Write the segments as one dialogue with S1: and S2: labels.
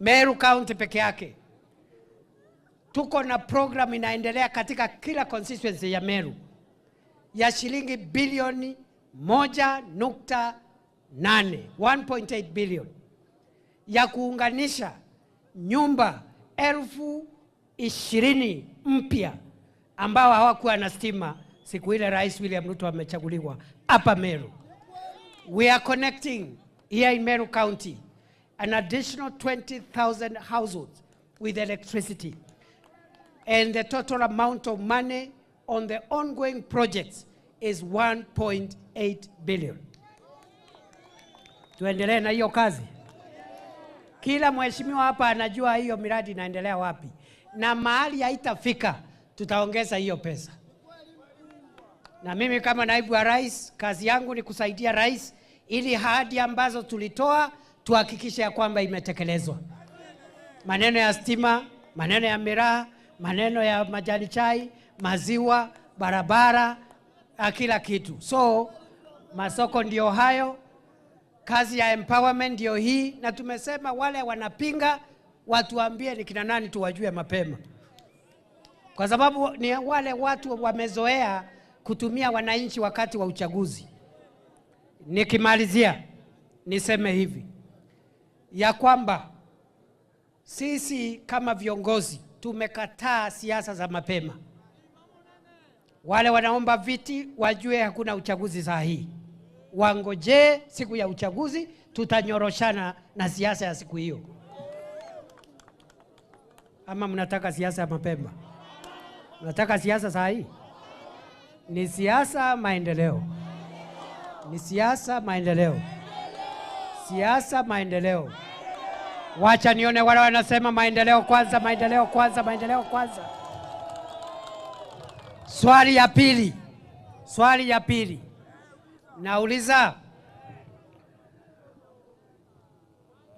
S1: Meru County peke yake tuko na program inaendelea katika kila constituency ya Meru ya shilingi bilioni moja nukta nane 1.8 billion ya kuunganisha nyumba elfu ishirini mpya ambao hawakuwa na stima siku ile Rais William Ruto amechaguliwa hapa Meru. We are connecting here in Meru County an additional 20,000 households with electricity. And the total amount of money on the ongoing projects is 1.8 billion. Tuendelee na hiyo kazi. Kila mheshimiwa hapa anajua hiyo miradi inaendelea wapi na mahali haitafika, tutaongeza hiyo pesa. Na mimi kama naibu wa rais, kazi yangu ni kusaidia rais ili ahadi ambazo tulitoa tuhakikishe ya kwamba imetekelezwa. Maneno ya stima, maneno ya miraa, maneno ya majani chai, maziwa, barabara, ah, kila kitu. So masoko ndio hayo, kazi ya empowerment ndio hii, na tumesema wale wanapinga watuambie ni kina nani, tuwajue mapema, kwa sababu ni wale watu wamezoea kutumia wananchi wakati wa uchaguzi. Nikimalizia niseme hivi ya kwamba sisi kama viongozi tumekataa siasa za mapema. Wale wanaomba viti wajue hakuna uchaguzi saa hii, wangojee siku ya uchaguzi, tutanyoroshana na siasa ya siku hiyo. Ama mnataka siasa ya mapema? Mnataka siasa saa hii? Ni siasa maendeleo, ni siasa maendeleo siasa maendeleo. Wacha nione wale wanasema maendeleo kwanza, maendeleo kwanza, maendeleo kwanza. Swali ya pili, swali ya pili nauliza,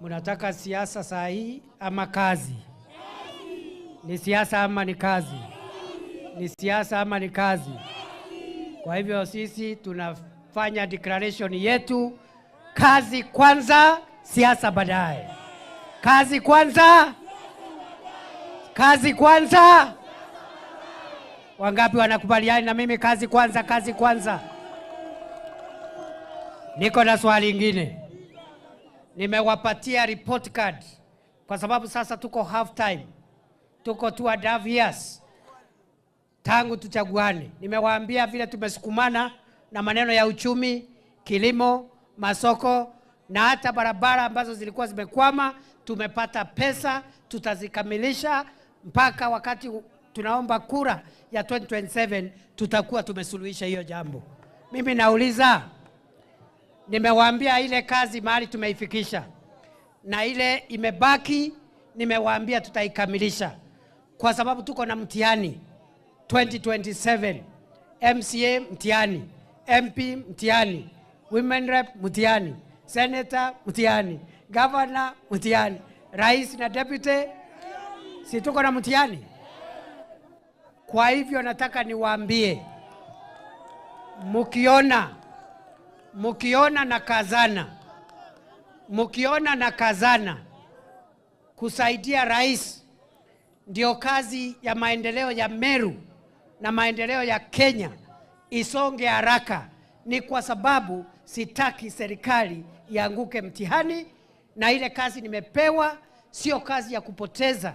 S1: mnataka siasa sahihi ama kazi? Ni siasa ama ni kazi? Ni siasa ama ni kazi? Kwa hivyo sisi tunafanya declaration yetu Kazi kwanza, siasa baadaye. Kazi kwanza, kazi kwanza. Wangapi wanakubaliana na mimi? Kazi kwanza, kazi kwanza. Niko na swali ingine, nimewapatia report card kwa sababu sasa tuko half time, tuko tu adavias tangu tuchaguane. Nimewaambia vile tumesukumana na maneno ya uchumi, kilimo masoko na hata barabara ambazo zilikuwa zimekwama, tumepata pesa, tutazikamilisha mpaka wakati tunaomba kura ya 2027 tutakuwa tumesuluhisha hiyo jambo. Mimi nauliza, nimewaambia ile kazi mahali tumeifikisha na ile imebaki, nimewaambia tutaikamilisha kwa sababu tuko na mtihani 2027, MCA mtihani, MP mtihani women rep mtihani, senator mtihani, governor mtihani, rais na deputy, si tuko na mtihani? Kwa hivyo nataka niwaambie, mkiona mukiona na kazana, mkiona na kazana kusaidia rais, ndio kazi ya maendeleo ya Meru na maendeleo ya Kenya isonge haraka, ni kwa sababu Sitaki serikali ianguke mtihani, na ile kazi nimepewa sio kazi ya kupoteza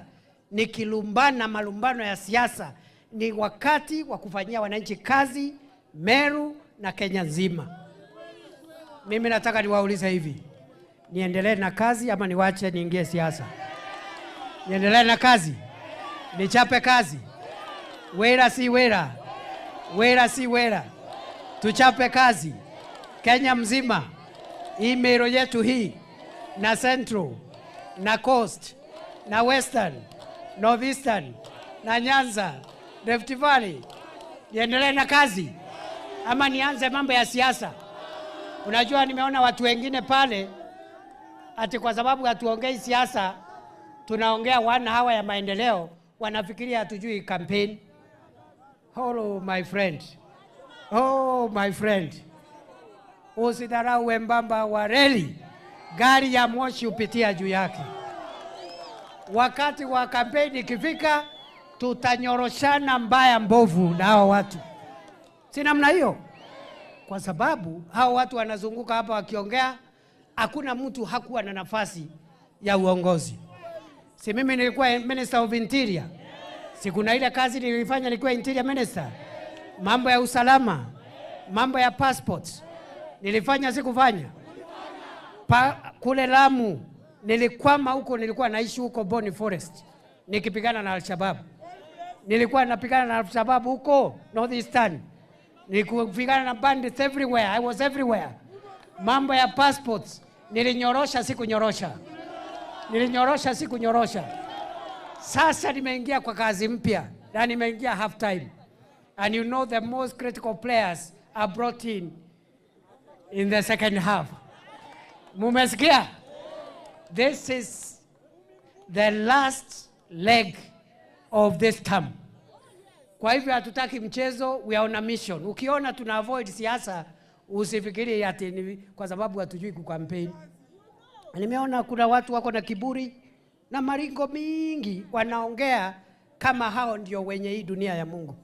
S1: nikilumbana malumbano ya siasa. Ni wakati wa kufanyia wananchi kazi Meru na Kenya nzima. Mimi nataka niwaulize hivi, niendelee na kazi ama niwache niingie siasa? Niendelee na kazi, nichape kazi? Wera si wera, wera si wera, tuchape kazi. Kenya mzima, hii Meru yetu hii na Central na Coast na Western, Northeastern na Nyanza, Rift Valley, niendelee na kazi ama nianze mambo ya siasa? Unajua, nimeona watu wengine pale ati kwa sababu hatuongei siasa, tunaongea wana hawa ya maendeleo, wanafikiria hatujui campaign. Hello oh, my friend, oh my friend usidharau wembamba wa reli, gari ya moshi hupitia juu yake. Wakati wa kampeni ikifika, tutanyoroshana mbaya mbovu na hao watu, si namna hiyo? Kwa sababu hao watu wanazunguka hapa wakiongea, hakuna mtu hakuwa na nafasi ya uongozi. Si mimi nilikuwa minister of interior, si kuna ile kazi nilifanya, nilikuwa interior minister, mambo ya usalama, mambo ya passports Nilifanya sikufanya? Pa, kule Lamu nilikwama huko, nilikuwa naishi huko Boni Forest nikipigana na Alshabab. Nilikuwa napigana na Alshabab huko Northeastern, nikupigana na bandits everywhere. I was everywhere. Mambo ya passports nilinyorosha, sikunyorosha, nilinyorosha, sikunyorosha. Sasa nimeingia kwa kazi mpya na nimeingia half time, and you know the most critical players are brought in in the second half. Mumesikia? This is the last leg of this term. Kwa hivyo hatutaki mchezo, we are on a mission. Ukiona tuna avoid siasa, usifikiri ati ni kwa sababu hatujui kukampeni. Nimeona kuna watu wako na kiburi na maringo mingi, wanaongea kama hao ndio wenye hii dunia ya Mungu.